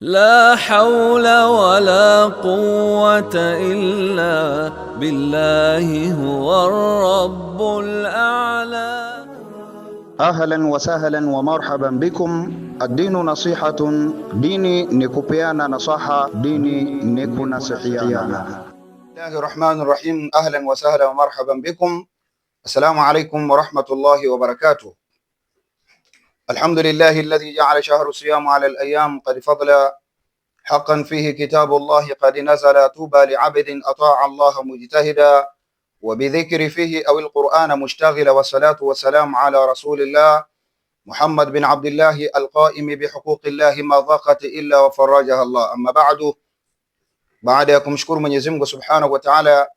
لا حول ولا قوة إلا بالله هو الرب الأعلى أهلا وسهلا ومرحبا بكم الدين نصيحة ديني نكوبيانا نصاحة ديني نكونسحيانا الله الرحمن الرحيم أهلا وسهلا ومرحبا بكم السلام عليكم ورحمة الله وبركاته الحمد لله الذي جعل شهر الصيام على الأيام قد فضل حقا فيه كتاب الله قد نزل توبى لعبد أطاع الله مجتهدا وبذكر فيه أو القرآن مشتغلا والصلاة والسلام على رسول الله محمد بن عبد الله القائم بحقوق الله ما ضاقت إلا وفرجها الله أما بعد بعد يكم شكر من يزمك سبحانه وتعالى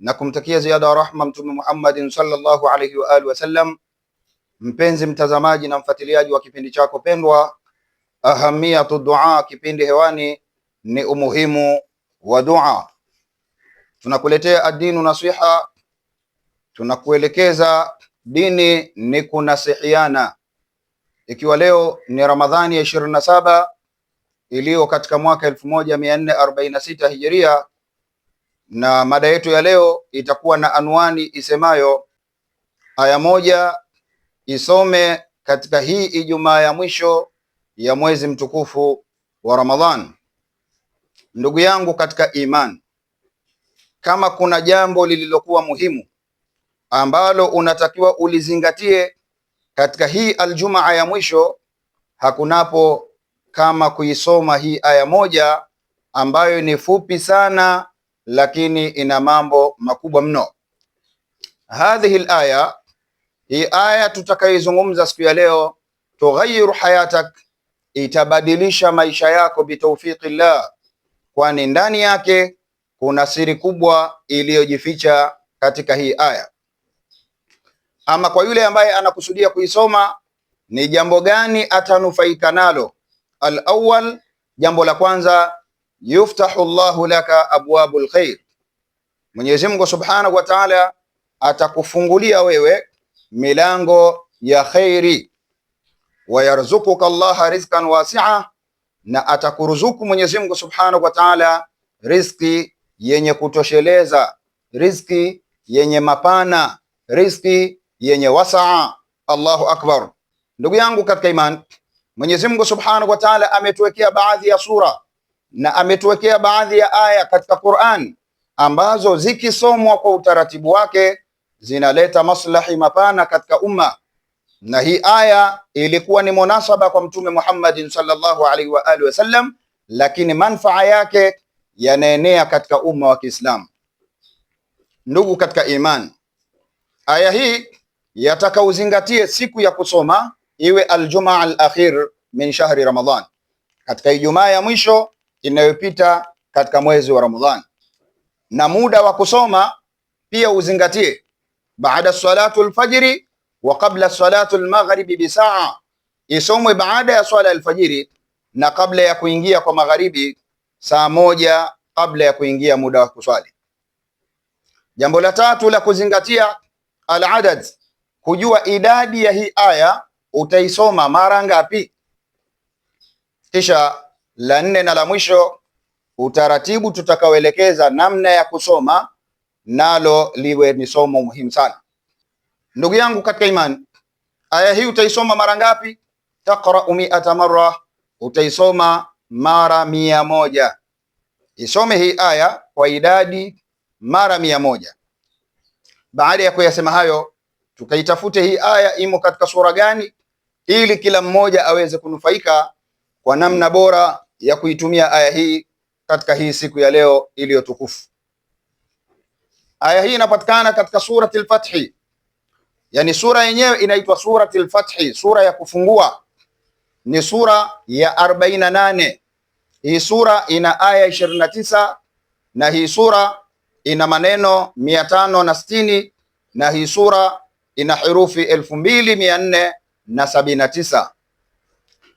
نكم na kumtakia رحمه محمد صلى الله عليه واله وسلم Mpenzi mtazamaji na mfuatiliaji wa kipindi chako pendwa Ahamiyatu Dua, kipindi hewani ni umuhimu wa dua. Tunakuletea adinu nasiha, tunakuelekeza dini ni kunasihiana. Ikiwa leo ni Ramadhani ya ishirini na saba iliyo katika mwaka elfu moja mia nne arobaini na sita hijiria, na mada yetu ya leo itakuwa na anwani isemayo aya moja isome katika hii Ijumaa ya mwisho ya mwezi mtukufu wa Ramadhan. Ndugu yangu katika imani, kama kuna jambo lililokuwa muhimu ambalo unatakiwa ulizingatie katika hii aljumaa ya mwisho, hakunapo kama kuisoma hii aya moja ambayo ni fupi sana, lakini ina mambo makubwa mno. Hadhihi alaya hii aya tutakayoizungumza siku ya leo, tughayyiru hayatak, itabadilisha maisha yako bitaufiqillah, kwani ndani yake kuna siri kubwa iliyojificha katika hii aya. Ama kwa yule ambaye anakusudia kuisoma, ni jambo gani atanufaika nalo? Alawal, jambo la kwanza, yuftahu llahu laka abwabul khair, Mwenyezi Mungu subhanahu wa taala atakufungulia wewe milango ya khairi, wayarzukuka Allah rizqan wasia, na atakuruzuku Mwenyezi Mungu Subhanahu wa Ta'ala riziki yenye kutosheleza, riziki yenye mapana, riziki yenye wasaa. Allahu akbar! Ndugu yangu katika imani, Mwenyezi Mungu Subhanahu wa Ta'ala ametuwekea baadhi ya sura na ametuwekea baadhi ya aya katika Qur'an ambazo zikisomwa kwa utaratibu wake zinaleta maslahi mapana katika umma, na hii aya ilikuwa ni munasaba kwa Mtume Muhammadin sallallahu alaihi wa alihi wasallam, lakini manfaa yake yanaenea katika umma wa Kiislamu. Ndugu katika imani, aya hii yataka uzingatie siku ya kusoma iwe aljumaa alakhir min shahri Ramadhan, katika Ijumaa ya mwisho inayopita katika mwezi wa Ramadhan, na muda wa kusoma pia uzingatie baada salatu alfajiri wa qabla salatu almaghribi bisaa, isomwe baada ya swala alfajiri na kabla ya kuingia kwa magharibi saa moja kabla ya kuingia muda wa kuswali. Jambo la tatu la kuzingatia, aladad, kujua idadi ya hii aya utaisoma mara ngapi. Kisha la nne na la mwisho, utaratibu tutakaoelekeza namna ya kusoma nalo liwe ni somo muhimu sana. Ndugu yangu katika imani, aya hii utaisoma mara ngapi? Taqra'u mi'ata marra, utaisoma mara mia moja. Isome hii aya kwa idadi mara mia moja. Baada ya kuyasema hayo, tukaitafute hii aya imo katika sura gani, ili kila mmoja aweze kunufaika kwa namna bora ya kuitumia aya hii katika hii siku ya leo iliyotukufu Aya hii inapatikana katika surati al-Fathi, yani sura yenyewe inaitwa surati al-Fathi, sura ya kufungua, ni sura ya 48. Hii sura ina aya 29 na hii sura ina maneno 560 na hii sura ina herufi 2479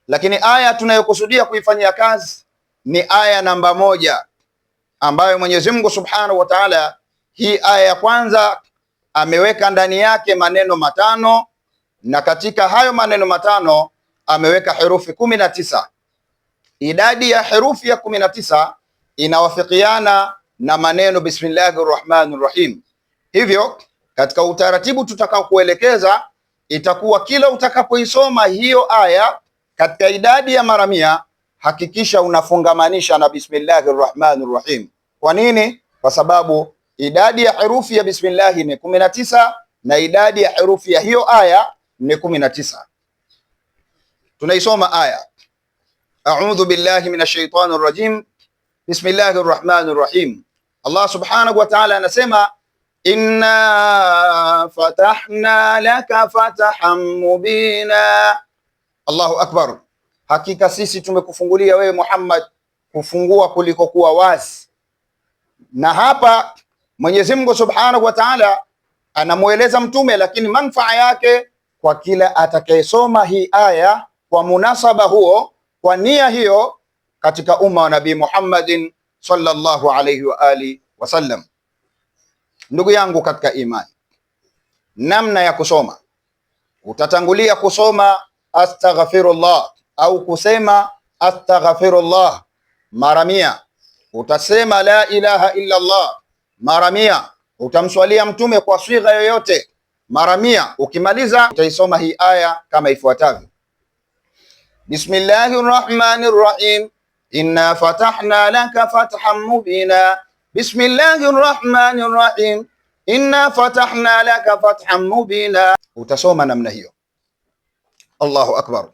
lakini aya tunayokusudia kuifanyia kazi ni aya namba moja ambayo Mwenyezi Mungu Subhanahu wa Ta'ala hii aya ya kwanza ameweka ndani yake maneno matano na katika hayo maneno matano ameweka herufi kumi na tisa. Idadi ya herufi ya kumi na tisa inawafikiana na maneno bismillahi rahmani rahim. Hivyo katika utaratibu tutakao kuelekeza itakuwa kila utakapoisoma hiyo aya katika idadi ya mara mia, hakikisha unafungamanisha na bismillahi rahmani rahim. Kwa nini? Kwa sababu idadi ya herufi ya bismillahi ni kumi na tisa na idadi ya herufi ya hiyo aya ni kumi na tisa. Tunaisoma aya, a'udhu billahi minash shaitani rajim bismillahir rahmanir rahim. Allah subhanahu wa ta'ala anasema inna fatahna laka fatahan mubina. Allahu akbar, hakika sisi tumekufungulia wewe Muhammad kufungua kuliko kuwa wazi. Na hapa Mwenyezi Mungu Subhanahu wa Ta'ala anamweleza mtume, lakini manufaa yake kwa kila atakayesoma hii aya kwa munasaba huo, kwa nia hiyo, katika umma wa Nabii Muhammadin sallallahu alayhi wa ali wasallam. Ndugu yangu katika imani, namna ya kusoma, utatangulia kusoma astaghfirullah au kusema astaghfirullah mara mia, utasema la ilaha illa Allah mara mia. Utamswalia mtume kwa swigha yoyote mara mia. Ukimaliza utaisoma hii aya kama ifuatavyo: bismillahi Rahmanir Rahim inna fatahna laka fathan mubina. bismillahi Rahmanir Rahim inna fatahna laka fathan mubina. Utasoma namna hiyo. Allahu akbar.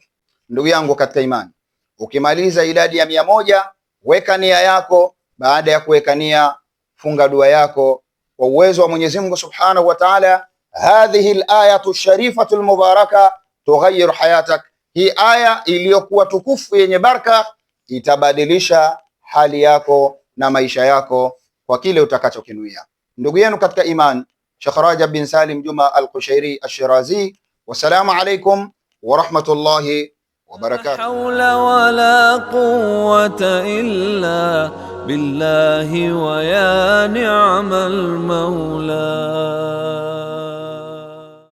Ndugu yangu katika imani, ukimaliza idadi ya mia moja weka nia yako. Baada ya kuweka nia funga dua yako kwa uwezo wa Mwenyezi Mungu Subhanahu wa Ta'ala. Hadhihi al-ayatu sharifatu al-mubaraka tughayyiru hayatak, hii aya iliyokuwa tukufu yenye baraka itabadilisha hali yako na maisha yako kwa kile utakachokinuia. Ndugu yenu katika iman, Sheikh Rajab bin Salim Juma al-Qushairi al-Shirazi. Wassalamu alaykum wa rahmatullahi wa barakatuh. بالله ويا نعم المولى